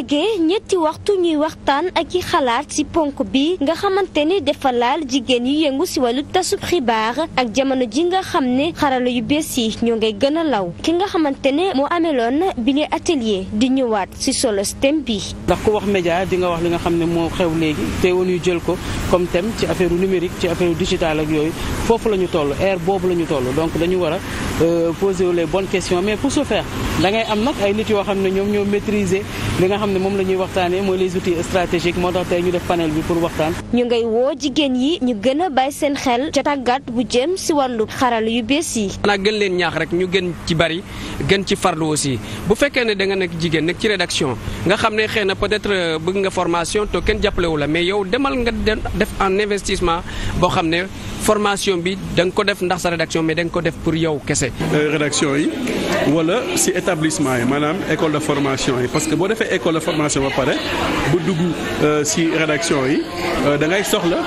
tegee ñetti waxtu ñuy waxtaan ak i xalaat ci ponk bi nga xamante ni dafa laal jigéen yu yëngu ci wàllu tasub xibaar ak jamono ji nga xam ne xarala yu bees yi ñoo ngay gën a law ki nga xamante ne moo bi bile atelier di ñëwaat ci solo thème bi. ndax ko wax média di nga wax li nga xam ne moo xew léegi te woon yu jël ko comme tem ci affaire numérique ci affaire digital ak yooyu foofu la ñu toll ère boobu la ñu toll donc dañu war Euh, poser les bonnes questions mais pour ce faire da ngay am nag ay nit yoo xam ne ñoom ñoo maîtriser li nga xam ne moom la ñuy waxtaanee mooy les outils stratégiques moo tax tey ñu def panel bi pour waxtaan. ñu ngay woo jigéen yi ñu gën a bàyyi seen xel ca tàggat bu jëm si wàllu xaral yu bees yi. maanaam gën leen ñaax rek ñu gën ci bari gën ci farlu aussi bu fekkee ne da nga nekk jigéen nekk ci rédaction nga xam ne xëy na peut-être euh, bëgg nga formation te kenn jàppalewu la mais yow demal nga def en investissement boo xam ne formation bi da ko def ndax sa rédaction mais da nga ko def pour yow kese. Euh, rédaction yi wala si établissement yi maanaam école de formation yi parce que boo defee école de formation ba pare bu dugg euh, si rédaction yi euh, da ngay soxla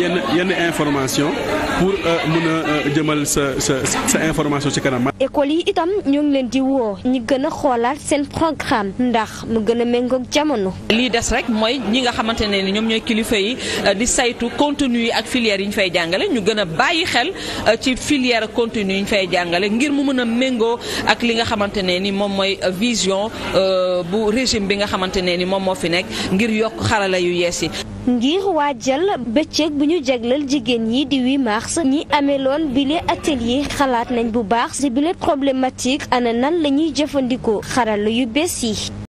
yenn yenn information pour euh, mun a euh, jëmal sa sa information ci kanam. école yi itam ñoo ngi leen di woo ñi gën a xoolaat seen programme ndax mu gën a méngoog jamono. lii des rek mooy ñi nga xamante ne ni ñoom ñooy kilifa yi euh, di saytu contenu yi ak filière yi ñu fay jàngale ñu gën a bàyyi xel ci filière contenu yi ñu fay jàngale ngir mu mën a méngoo ak li nga xamante ne ni moom mooy vision bu régime bi nga xamante ne ni moom moo fi nekk ngir yokk xarala yu yees yi. ngir waajal bëccëg bu ñu jaglal jigéen ñi di 8 mars ñi ameloon bile atelier xalaat nañ bu baax ci bile problématique ana nan la jëfandikoo xarala yu bees yi